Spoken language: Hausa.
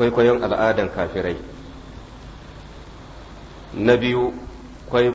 kwaikwayon al'adan kafirai na biyu